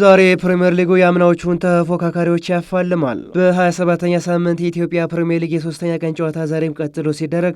ዛሬ ፕሪምየር ሊጉ የአምናዎቹን ተፎካካሪዎች ያፋልማል። 27 ተኛ ሳምንት የኢትዮጵያ ፕሪምየር ሊግ የሶስተኛ ቀን ጨዋታ ዛሬም ቀጥሎ ሲደረግ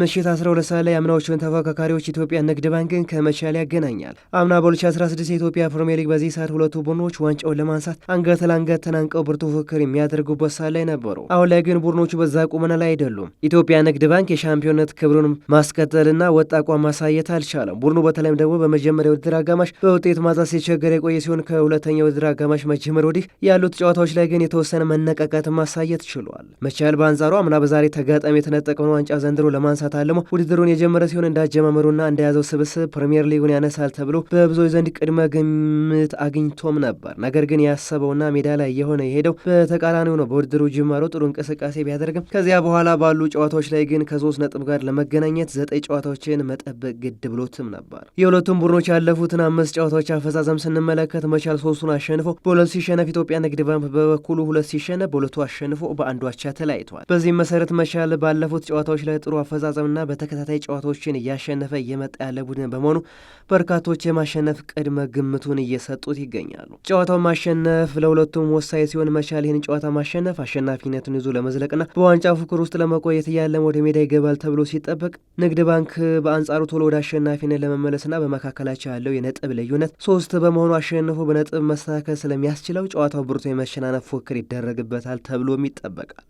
ምሽት 12 ሰዓት ላይ አምናዎቹን ተፎካካሪዎች ኢትዮጵያ ንግድ ባንክን ከመቻል ያገናኛል። አምና በ2016 የኢትዮጵያ ፕሪምየር ሊግ በዚህ ሰዓት ሁለቱ ቡድኖች ዋንጫውን ለማንሳት አንገት ለአንገት ተናንቀው ብርቱ ፉክክር የሚያደርጉበት ሰዓት ላይ ነበሩ። አሁን ላይ ግን ቡድኖቹ በዛ ቁመና ላይ አይደሉም። ኢትዮጵያ ንግድ ባንክ የሻምፒዮንነት ክብሩን ማስቀጠልና ወጥ አቋም ማሳየት አልቻለም። ቡድኑ በተለይም ደግሞ በመጀመሪያ ውድድር አጋማሽ በውጤት ማጣት ሲቸገር የቆየ ሲሆን ከሁለተኛ ውድድር አጋማሽ መጀመር ወዲህ ያሉት ጨዋታዎች ላይ ግን የተወሰነ መነቃቃት ማሳየት ችሏል። መቻል በአንጻሩ አምና በዛሬ ተጋጣሚ የተነጠቀውን ዋንጫ ዘንድሮ ለማንሳት ማንሳት ውድድሩን የጀመረ ሲሆን እንዳጀማመሩና እንደያዘው ስብስብ ፕሪምየር ሊጉን ያነሳል ተብሎ በብዙዎች ዘንድ ቅድመ ግምት አግኝቶም ነበር። ነገር ግን ያሰበውና ሜዳ ላይ የሆነ የሄደው በተቃራኒው ነው። በውድድሩ ጅማሮ ጥሩ እንቅስቃሴ ቢያደርግም ከዚያ በኋላ ባሉ ጨዋታዎች ላይ ግን ከሶስት ነጥብ ጋር ለመገናኘት ዘጠኝ ጨዋታዎችን መጠበቅ ግድ ብሎትም ነበር። የሁለቱም ቡድኖች ያለፉትን አምስት ጨዋታዎች አፈጻጸም ስንመለከት መቻል ሶስቱን አሸንፎ በሁለቱ ሲሸነፍ፣ ኢትዮጵያ ንግድ ባንክ በበኩሉ ሁለት ሲሸነፍ በሁለቱ አሸንፎ በአንዷቻ ተለያይተዋል። በዚህም መሰረት መቻል ባለፉት ጨዋታዎች ላይ ጥሩ አፈጻ አፈጻጸምና በተከታታይ ጨዋታዎችን እያሸነፈ እየመጣ ያለ ቡድን በመሆኑ በርካቶች የማሸነፍ ቅድመ ግምቱን እየሰጡት ይገኛሉ። ጨዋታው ማሸነፍ ለሁለቱም ወሳኝ ሲሆን መቻል ይህን ጨዋታ ማሸነፍ አሸናፊነትን ይዞ ለመዝለቅና በዋንጫ ፉክክር ውስጥ ለመቆየት እያለም ወደ ሜዳ ይገባል ተብሎ ሲጠበቅ፣ ንግድ ባንክ በአንጻሩ ቶሎ ወደ አሸናፊነት ለመመለስና በመካከላቸው ያለው የነጥብ ልዩነት ሶስት በመሆኑ አሸንፎ በነጥብ መስተካከል ስለሚያስችለው ጨዋታው ብርቱ የመሸናነፍ ፉክክር ይደረግበታል ተብሎም ይጠበቃል።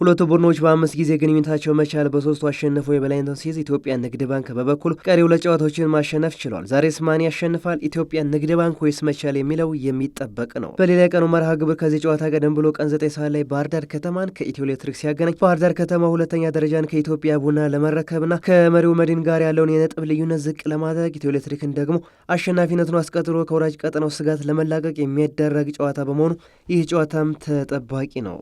ሁለቱ ቡድኖች በአምስት ጊዜ ግንኙነታቸው መቻል በሶስቱ አሸንፎ የበላይነቱን ሲይዝ ኢትዮጵያ ንግድ ባንክ በበኩሉ ቀሪ ሁለት ጨዋታዎችን ማሸነፍ ችሏል። ዛሬስ ማን ያሸንፋል? ኢትዮጵያ ንግድ ባንክ ወይስ መቻል የሚለው የሚጠበቅ ነው። በሌላ ቀኑ መርሃ ግብር ከዚህ ጨዋታ ቀደም ብሎ ቀን ዘጠኝ ሰዓት ላይ ባህርዳር ከተማን ከኢትዮ ኤሌክትሪክ ሲያገናኝ ባህርዳር ከተማ ሁለተኛ ደረጃን ከኢትዮጵያ ቡና ለመረከብና ከመሪው መድን ጋር ያለውን የነጥብ ልዩነት ዝቅ ለማድረግ ኢትዮ ኤሌክትሪክን ደግሞ አሸናፊነቱን አስቀጥሎ ከወራጅ ቀጠናው ስጋት ለመላቀቅ የሚያደረግ ጨዋታ በመሆኑ ይህ ጨዋታም ተጠባቂ ነው።